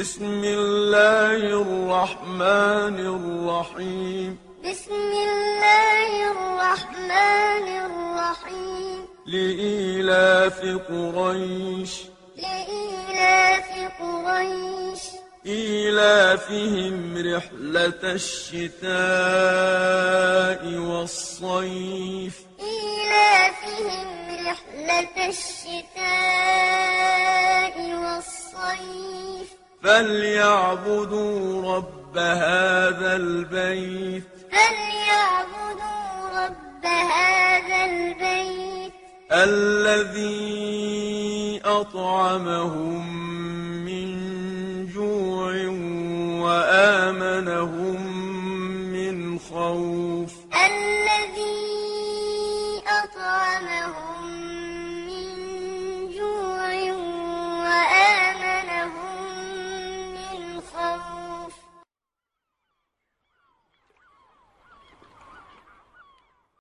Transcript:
بسم الله الرحمن الرحيم بسم الله الرحمن الرحيم لإلاف قريش لإلاف قريش إلافهم رحلة الشتاء والصيف إلافهم رحلة الشتاء والصيف فليعبدوا رب هذا البيت فليعبدوا رب هذا البيت الذي أطعمهم من جوع وآمنهم من خوف الذي